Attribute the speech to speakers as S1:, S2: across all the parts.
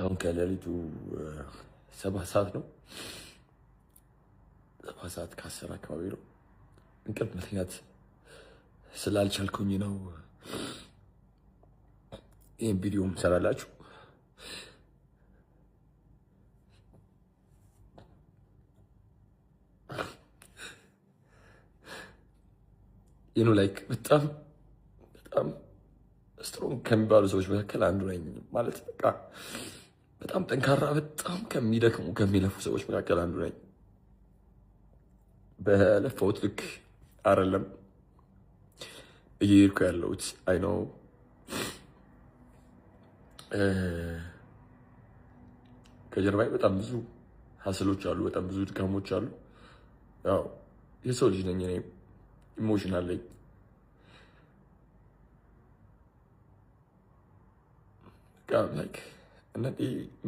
S1: አሁን ከሌሊቱ ሰባት ሰዓት ነው። ሰባት ሰዓት ከአስር አካባቢ ነው። እንቅልፍ መተኛት ስላልቻልኩኝ ነው ይህን ቪዲዮ ምሰራላችሁ። ይኑ ላይክ በጣም በጣም ስትሮንግ ከሚባሉ ሰዎች መካከል አንዱ ነኝ ማለት በቃ በጣም ጠንካራ በጣም ከሚደክሙ ከሚለፉ ሰዎች መካከል አንዱ ነኝ። በለፈውት ልክ አይደለም እየሄድኩ ያለሁት አይ ነው። ከጀርባዬ በጣም ብዙ ሀስሎች አሉ፣ በጣም ብዙ ድካሞች አሉ። ያው የሰው ልጅ ነኝ እኔ ኢሞሽናል ላይ ላይክ እና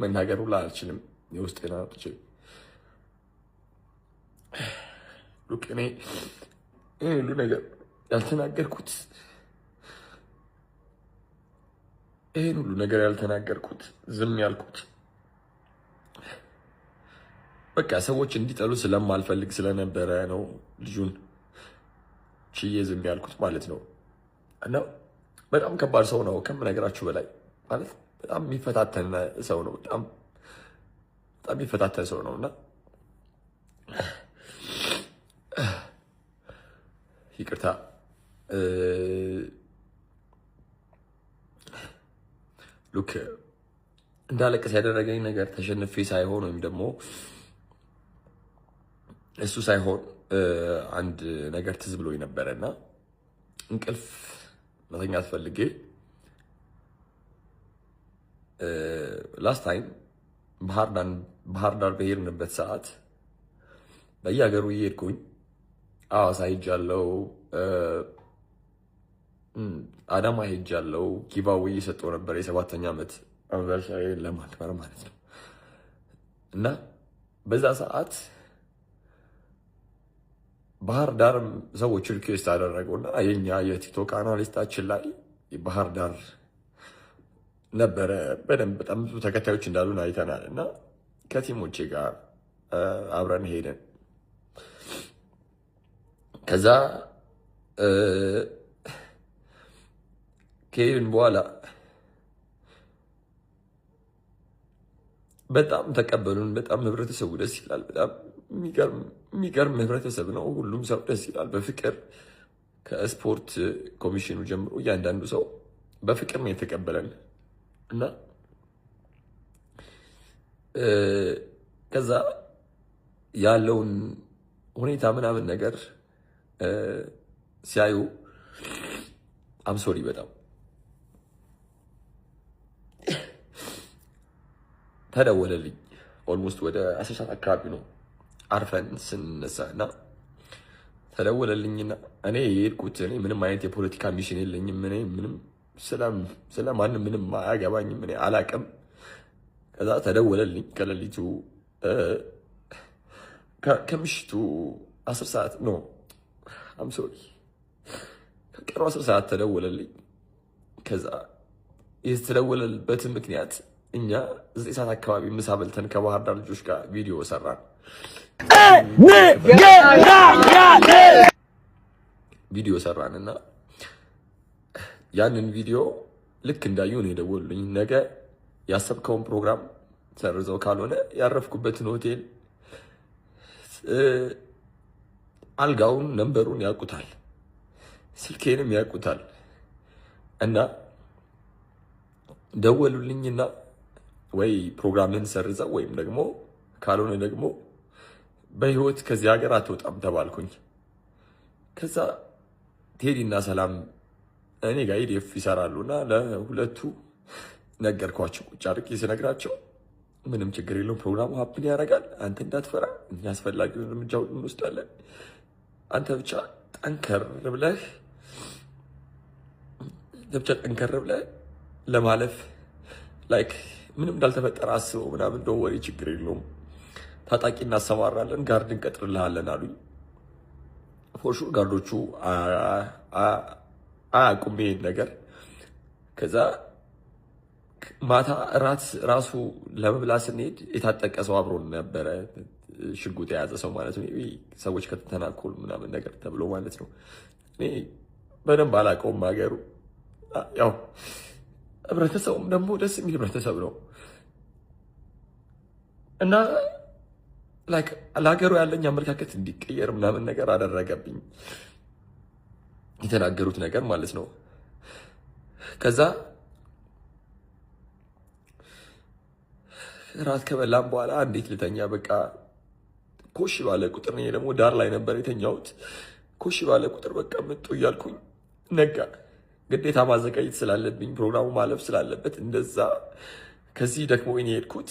S1: መናገር ሁላ አልችልም። የውስጥ ናቶች እኔ ሁሉ ነገር ያልተናገርኩት ይህን ሁሉ ነገር ያልተናገርኩት ዝም ያልኩት በቃ ሰዎች እንዲጠሉ ስለማልፈልግ ስለነበረ ነው ልጁን ችዬ ዝም ያልኩት ማለት ነው። እና በጣም ከባድ ሰው ነው ከምነግራችሁ በላይ ማለት በጣም የሚፈታተን ሰው ነው። በጣም በጣም የሚፈታተን ሰው ነው እና ይቅርታ ሉክ እንዳለቀስ ያደረገኝ ነገር ተሸንፌ ሳይሆን ወይም ደግሞ እሱ ሳይሆን አንድ ነገር ትዝ ብሎኝ ነበረ እና እንቅልፍ መተኛት ፈልጌ ላስት ታይም ባህር ዳር በሄድንበት ሰዓት በየሀገሩ እየሄድኩኝ አዋሳ ሄጃለሁ፣ አዳማ ሄጃለሁ። ጊቫዌ እየሰጠው ነበር የሰባተኛ ዓመት አንቨርሳሪ ለማክበር ማለት ነው። እና በዛ ሰዓት ባህር ዳር ሰዎች ሪኩዌስት አደረገውና የኛ የቲክቶክ አናሊስታችን ላይ ባህር ዳር ነበረ። በደንብ በጣም ብዙ ተከታዮች እንዳሉን አይተናል እና ከቲሞቼ ጋር አብረን ሄደን ከዛ ከሄድን በኋላ በጣም ተቀበሉን። በጣም ህብረተሰቡ ደስ ይላል። በጣም የሚገርም ህብረተሰብ ነው። ሁሉም ሰው ደስ ይላል። በፍቅር ከስፖርት ኮሚሽኑ ጀምሮ እያንዳንዱ ሰው በፍቅር ነው የተቀበለን። እና ከዛ ያለውን ሁኔታ ምናምን ነገር ሲያዩ አምሶሪ በጣም ተደወለልኝ። ኦልሞስት ወደ አስር ሰዓት አካባቢ ነው አርፈን ስንነሳ እና ተደወለልኝና እኔ የሄድኩት እኔ ምንም አይነት የፖለቲካ ሚሽን የለኝም ምንም ስለ ማንም ምንም አያገባኝም፣ እኔ አላቅም። ከዛ ተደወለልኝ ከሌሊቱ ከምሽቱ አስር ሰዓት ኖ አምሶሪ ከቀኑ አስር ሰዓት ተደወለልኝ። ከዛ የተደወለልበትን ምክንያት እኛ ዘጠኝ ሰዓት አካባቢ ምሳ በልተን ከባህር ዳር ልጆች ጋር ቪዲዮ ሰራን። ቪዲዮ ሰራን እና ያንን ቪዲዮ ልክ እንዳዩ ነው የደወሉልኝ። ነገ ያሰብከውን ፕሮግራም ሰርዘው ካልሆነ ያረፍኩበትን ሆቴል አልጋውን፣ ነንበሩን ያውቁታል፣ ስልኬንም ያውቁታል እና ደወሉልኝና ወይ ፕሮግራምህን ሰርዘው ወይም ደግሞ ካልሆነ ደግሞ በህይወት ከዚህ ሀገር አትወጣም ተባልኩኝ። ከዛ ቴዲና ሰላም እኔ ጋር ኢዴፍ ይሰራሉ እና ለሁለቱ ነገርኳቸው። ቁጭ አድርጌ ስነግራቸው ምንም ችግር የለውም ፕሮግራሙ ሀፕን ያደርጋል። አንተ እንዳትፈራ፣ እኛ አስፈላጊውን እርምጃ እንወስዳለን። አንተ ብቻ ጠንከር ብለህ ብቻ ጠንከር ብለህ ለማለፍ ላይክ ምንም እንዳልተፈጠረ አስበው ምናምን እንደ ወሬ ችግር የለውም ታጣቂ እናሰማራለን ጋርድ እንቀጥርልሃለን አሉኝ። ፎሹ ጋርዶቹ አያውቁም ይሄን ነገር። ከዛ ማታ ራሱ ለመብላት ስንሄድ የታጠቀ ሰው አብሮን ነበረ፣ ሽጉጥ የያዘ ሰው ማለት ነው። ሰዎች ከተተናኮሉ ምናምን ነገር ተብሎ ማለት ነው። እኔ በደንብ አላውቀውም ሀገሩ። ያው ህብረተሰቡም ደግሞ ደስ የሚል ህብረተሰብ ነው እና ለሀገሩ ያለኝ አመለካከት እንዲቀየር ምናምን ነገር አደረገብኝ። የተናገሩት ነገር ማለት ነው። ከዛ ራት ከበላም በኋላ እንዴት ልተኛ በቃ ኮሽ ባለ ቁጥር እኔ ደግሞ ዳር ላይ ነበር የተኛሁት። ኮሽ ባለ ቁጥር በቃ ምጡ እያልኩኝ ነጋ። ግዴታ ማዘጋጀት ስላለብኝ ፕሮግራሙ ማለፍ ስላለበት እንደዛ ከዚህ ደክሞኝ የሄድኩት።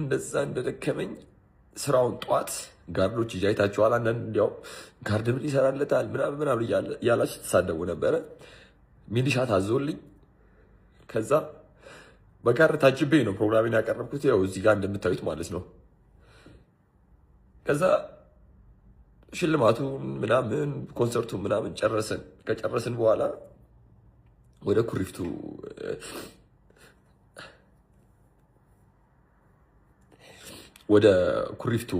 S1: እንደዛ እንደደከመኝ ስራውን ጠዋት ጋርዶች እጅ አይታችኋል። አንዳንድ እንዲያው ጋርድ ምን ይሰራለታል ምናምን ምናምን እያላችሁ ትሳደቡ ነበረ። ሚሊሻ ታዞልኝ ከዛ በጋር ታጅቤ ነው ፕሮግራሜን ያቀረብኩት፣ ያው እዚህ ጋር እንደምታዩት ማለት ነው። ከዛ ሽልማቱን ምናምን ኮንሰርቱን ምናምን ጨረስን። ከጨረስን በኋላ ወደ ኩሪፍቱ ወደ ኩሪፍቱ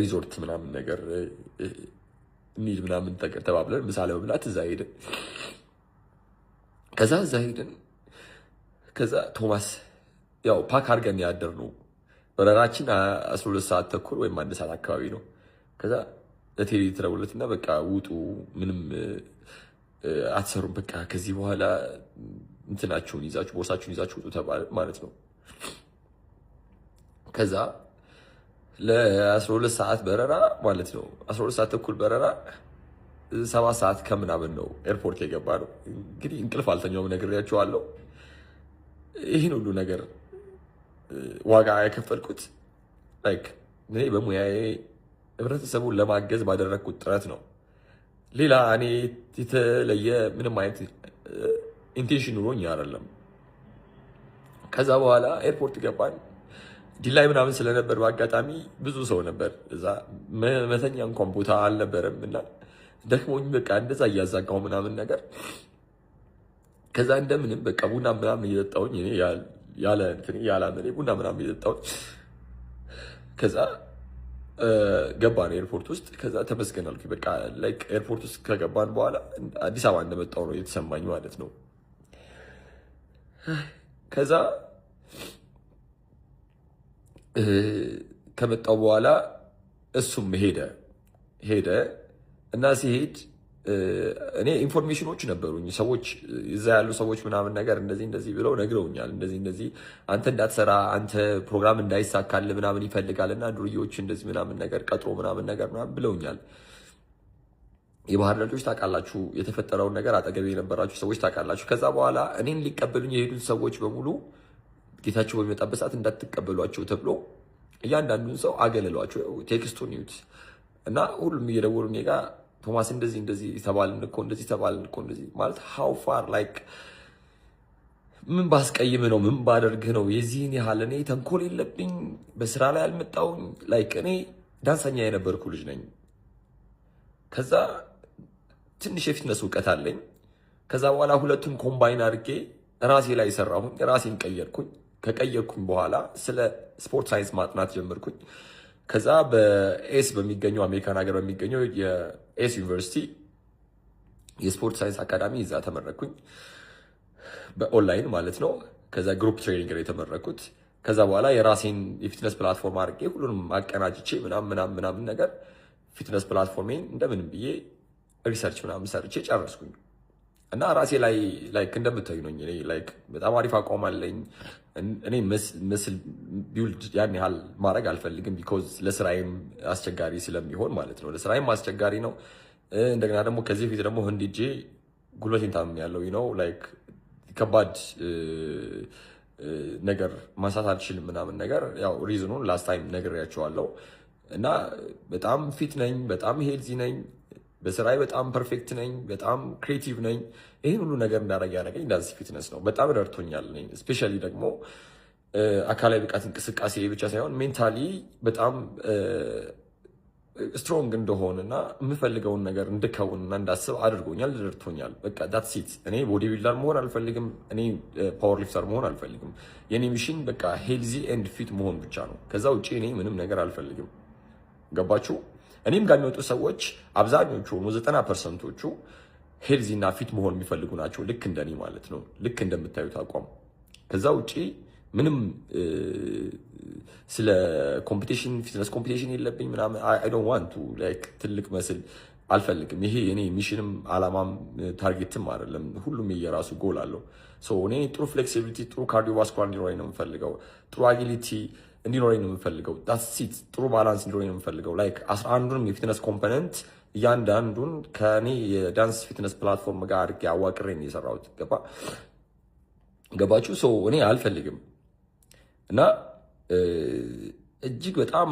S1: ሪዞርት ምናምን ነገር እንሂድ ምናምን ተባብለን ምሳ ለመብላት እዛ ሄድን። ከዛ እዛ ሄድን። ከዛ ቶማስ ያው ፓክ አድርገን ነው በረራችን አስራ ሁለት ሰዓት ተኩል ወይም አንድ ሰዓት አካባቢ ነው። ከዛ ለቴሌ ተደወለለትና በቃ ውጡ፣ ምንም አትሰሩም፣ በቃ ከዚህ በኋላ እንትናችሁን ይዛችሁ ቦርሳችሁን ይዛችሁ ውጡ ተባለ ማለት ነው ከዛ ለ12 ሰዓት በረራ ማለት ነው 12 ሰዓት ተኩል በረራ ሰባት ሰዓት ከምናምን ነው ኤርፖርት የገባ ነው። እንግዲህ እንቅልፍ አልተኛውም ነግሬያቸዋለሁ። ይህን ሁሉ ነገር ዋጋ የከፈልኩት እኔ በሙያዬ ህብረተሰቡን ለማገዝ ባደረግኩት ጥረት ነው። ሌላ እኔ የተለየ ምንም አይነት ኢንቴንሽን ኑሮኝ አይደለም። ከዛ በኋላ ኤርፖርት ገባን። ዲላይ ምናምን ስለነበር በአጋጣሚ ብዙ ሰው ነበር እዛ። መተኛ እንኳን ቦታ አልነበረም እና ደክሞኝ በቃ እንደዛ እያዛጋው ምናምን ነገር ከዛ እንደምንም በቃ ቡና ምናምን እየጠጣውኝ ያለ እንትን ያላመኔ ቡና ምናምን እየጠጣውኝ ከዛ ገባን ኤርፖርት ውስጥ። ከዛ ተመስገን አልኩኝ በቃ ላይክ ኤርፖርት ውስጥ ከገባን በኋላ አዲስ አበባ እንደመጣው ነው የተሰማኝ ማለት ነው ከዛ ከመጣው በኋላ እሱም ሄደ ሄደ እና ሲሄድ እኔ ኢንፎርሜሽኖች ነበሩኝ። ሰዎች እዛ ያሉ ሰዎች ምናምን ነገር እንደዚህ እንደዚህ ብለው ነግረውኛል። እንደዚህ እንደዚህ አንተ እንዳትሰራ አንተ ፕሮግራም እንዳይሳካል ምናምን ይፈልጋል እና ዱርዬዎች እንደዚህ ምናምን ነገር ቀጥሮ ምናምን ነገር ምናምን ብለውኛል። የባህር ልጆች ታውቃላችሁ፣ የተፈጠረውን ነገር አጠገቤ የነበራችሁ ሰዎች ታውቃላችሁ። ከዛ በኋላ እኔን ሊቀበሉኝ የሄዱት ሰዎች በሙሉ ጌታቸው በሚመጣበት ሰዓት እንዳትቀበሏቸው ተብሎ እያንዳንዱን ሰው አገለሏቸው። ቴክስቱን ይዩት እና ሁሉም እየደወሉ እኔ ጋ ቶማስ እንደዚህ እንደዚህ ተባልን እኮ እንደዚህ ተባልን እኮ እንደዚህ ማለት ሀው ፋር ላይክ ምን ባስቀይም ነው? ምን ባደርግህ ነው? የዚህን ያህል እኔ ተንኮል የለብኝ። በስራ ላይ አልመጣውኝ። ላይክ እኔ ዳንሰኛ የነበርኩ ልጅ ነኝ። ከዛ ትንሽ የፊትነስ እውቀት አለኝ። ከዛ በኋላ ሁለቱን ኮምባይን አድርጌ ራሴ ላይ ሰራሁኝ። ራሴን ቀየርኩኝ። ከቀየኩም በኋላ ስለ ስፖርት ሳይንስ ማጥናት ጀመርኩኝ። ከዛ በኤስ በሚገኘው አሜሪካን ሀገር በሚገኘው የኤስ ዩኒቨርሲቲ የስፖርት ሳይንስ አካዳሚ እዛ ተመረኩኝ፣ በኦንላይን ማለት ነው። ከዛ ግሩፕ ትሬኒንግ ነው የተመረኩት። ከዛ በኋላ የራሴን የፊትነስ ፕላትፎርም አድርጌ ሁሉንም አቀናጅቼ ምናምን ምናምን ምናምን ነገር ፊትነስ ፕላትፎርሜን እንደምንም ብዬ ሪሰርች ምናምን ሰርቼ ጨረስኩኝ እና ራሴ ላይ ላይክ እንደምታዩ ነኝ። ላይክ በጣም አሪፍ አቋም አለኝ። እኔ ምስል ቢውልድ ያን ያህል ማድረግ አልፈልግም። ቢኮዝ ለስራዬም አስቸጋሪ ስለሚሆን ማለት ነው። ለስራዬም አስቸጋሪ ነው። እንደገና ደግሞ ከዚህ በፊት ደግሞ ህንድጄ ጉልበቴን ታም ያለው ነው ላይክ ከባድ ነገር ማንሳት አልችልም ምናምን ነገር ያው ሪዝኑን ላስት ታይም ነግሬያቸዋለሁ እና በጣም ፊት ነኝ፣ በጣም ሄልዚ ነኝ። በስራይ በጣም ፐርፌክት ነኝ፣ በጣም ክሬቲቭ ነኝ። ይህን ሁሉ ነገር እንዳደረግ ያደረገኝ እንዳዚህ ፊትነስ ነው። በጣም ረድቶኛል። እስፔሻሊ ደግሞ አካላዊ ብቃት እንቅስቃሴ ብቻ ሳይሆን ሜንታሊ በጣም ስትሮንግ እንደሆን እና የምፈልገውን ነገር እንድከውን እና እንዳስብ አድርጎኛል፣ ረድቶኛል። በቃ እኔ ቦዲ ቢልደር መሆን አልፈልግም። እኔ ፓወር ሊፍተር መሆን አልፈልግም። የኔ ሚሽን በቃ ሄልዚ ኤንድ ፊት መሆን ብቻ ነው። ከዛ ውጭ እኔ ምንም ነገር አልፈልግም። ገባችሁ? እኔም ጋር የሚመጡ ሰዎች አብዛኞቹ ሆኑ ዘጠና ፐርሰንቶቹ ሄልዚ እና ፊት መሆን የሚፈልጉ ናቸው። ልክ እንደኔ ማለት ነው። ልክ እንደምታዩት አቋም። ከዛ ውጪ ምንም ስለ ኮምፒቴሽን ፊትነስ ኮምፒቴሽን የለብኝ ምናምን አይ ዶንት ዋንት ቱ ላይክ ትልቅ መስል አልፈልግም። ይሄ እኔ ሚሽንም አላማም ታርጌትም አይደለም። ሁሉም የራሱ ጎል አለው። እኔ ጥሩ ፍሌክሲቢሊቲ፣ ጥሩ ካርዲዮቫስኩላር ነው የምፈልገው ጥሩ አጊሊቲ እንዲኖረኝ ነው የምፈልገው። ዳሲት ጥሩ ባላንስ እንዲኖረኝ ነው የምፈልገው። ላይክ አስራ አንዱንም የፊትነስ ኮምፖነንት እያንዳንዱን ከእኔ የዳንስ ፊትነስ ፕላትፎርም ጋር አድርጌ አዋቅሬ ነው የሰራሁት። ገባ ገባችሁ? ሰው እኔ አልፈልግም እና እጅግ በጣም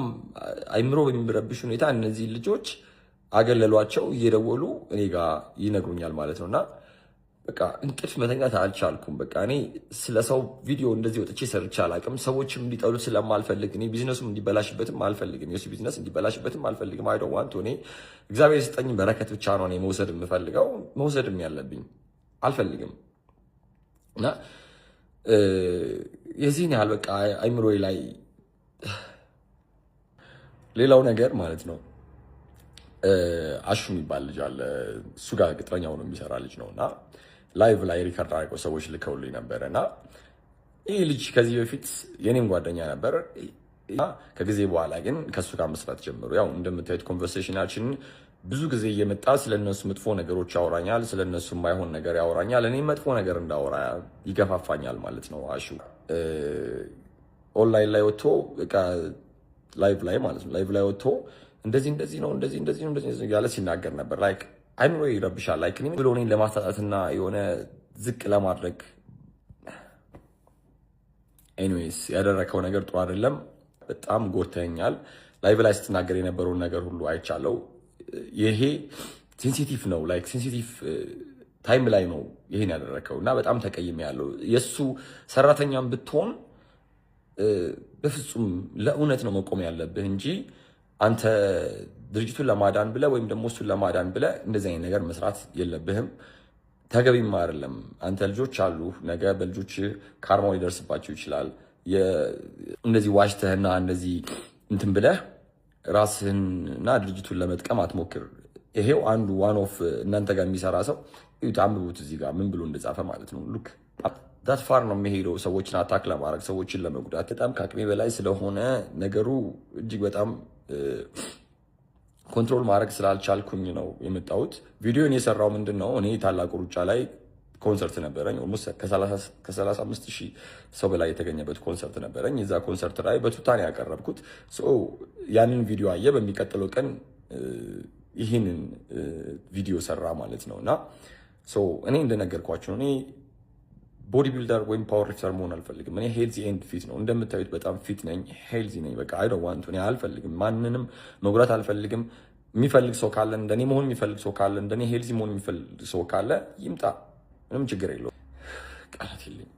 S1: አይምሮ በሚረብሽ ሁኔታ እነዚህ ልጆች አገለሏቸው እየደወሉ እኔ ጋር ይነግሩኛል ማለት ነው እና በቃ እንቅልፍ መተኛት አልቻልኩም። በቃ እኔ ስለ ሰው ቪዲዮ እንደዚህ ወጥቼ ሰርቼ አላውቅም። ሰዎችም እንዲጠሉ ስለማልፈልግ እኔ ቢዝነሱም እንዲበላሽበትም አልፈልግም። የሱ ቢዝነስ እንዲበላሽበትም አልፈልግም። አይ ዶንት ዋንት እኔ እግዚአብሔር ስጠኝ በረከት ብቻ ነው እኔ መውሰድ የምፈልገው መውሰድም ያለብኝ አልፈልግም እና የዚህን ያህል በቃ አይምሮ ላይ ሌላው ነገር ማለት ነው አሹ የሚባል ልጅ አለ። እሱ ጋር ቅጥረኛ ሆኖ የሚሰራ ልጅ ነው እና ላይቭ ላይ ሪከርድ አድርገው ሰዎች ልከውልኝ ነበር እና ይህ ልጅ ከዚህ በፊት የኔም ጓደኛ ነበር። ከጊዜ በኋላ ግን ከእሱ ጋር መስራት ጀምሩ። ያው እንደምታዩት ኮንቨርሴሽናችን ብዙ ጊዜ እየመጣ ስለነሱ መጥፎ ነገሮች ያወራኛል፣ ስለነሱ የማይሆን ነገር ያወራኛል፣ እኔ መጥፎ ነገር እንዳወራ ይገፋፋኛል ማለት ነው። አሹ ኦንላይን ላይ ወጥቶ ላይቭ ላይ ማለት ነው ላይቭ ላይ ወጥቶ እንደዚህ እንደዚህ ነው እንደዚህ እንደዚህ ነው እንደዚህ ያለ ሲናገር ነበር ላይክ አይምሮ ይረብሻል። ላይክ እኔ ብሎ እኔን ለማሳጣትና የሆነ ዝቅ ለማድረግ ኤኒዌይስ ያደረከው ነገር ጥሩ አይደለም። በጣም ጎድተኛል። ላይቭ ላይ ስትናገር የነበረውን ነገር ሁሉ አይቻለው። ይሄ ሴንሲቲቭ ነው። ላይክ ሴንሲቲቭ ታይም ላይ ነው ይሄን ያደረከው እና በጣም ተቀይሜ ያለው የእሱ ሰራተኛም ብትሆን uh, በፍጹም ለእውነት ነው መቆም ያለብህ እንጂ አንተ ድርጅቱን ለማዳን ብለ ወይም ደግሞ እሱን ለማዳን ብለ እንደዚህ አይነት ነገር መስራት የለብህም። ተገቢም አይደለም። አንተ ልጆች አሉ፣ ነገ በልጆች ካርማው ሊደርስባቸው ይችላል። እንደዚህ ዋሽተህና እንደዚህ እንትን ብለህ ራስህንና ድርጅቱን ለመጥቀም አትሞክር። ይሄው አንዱ ዋን ኦፍ እናንተ ጋር የሚሰራ ሰው ዩት አንብቡት፣ እዚህ ጋር ምን ብሎ እንደጻፈ ማለት ነው። ሉክ ዳት ፋር ነው የሚሄደው ሰዎችን አታክ ለማድረግ ሰዎችን ለመጉዳት በጣም ከአቅሜ በላይ ስለሆነ ነገሩ እጅግ በጣም ኮንትሮል ማድረግ ስላልቻልኩኝ ነው የመጣሁት። ቪዲዮን የሰራው ምንድን ነው እኔ ታላቁ ሩጫ ላይ ኮንሰርት ነበረኝ። ኦልሞስት ከ35 ሺህ ሰው በላይ የተገኘበት ኮንሰርት ነበረኝ። እዛ ኮንሰርት ላይ በቱታን ያቀረብኩት ያንን ቪዲዮ አየ። በሚቀጥለው ቀን ይህንን ቪዲዮ ሰራ ማለት ነው እና እኔ እንደነገርኳቸው እኔ ቦዲ ቢልደር ወይም ፓወር ሊፍተር መሆን አልፈልግም። እኔ ሄልዚ ኤንድ ፊት ነው እንደምታዩት፣ በጣም ፊት ነኝ፣ ሄልዚ ነኝ። በቃ አይ ዶንት ዋንት እኔ አልፈልግም፣ ማንንም መጉዳት አልፈልግም። የሚፈልግ ሰው ካለ እንደኔ መሆን የሚፈልግ ሰው ካለ እንደኔ ሄልዚ መሆን የሚፈልግ ሰው ካለ ይምጣ፣ ምንም ችግር የለውም። ቃላት የለኝም።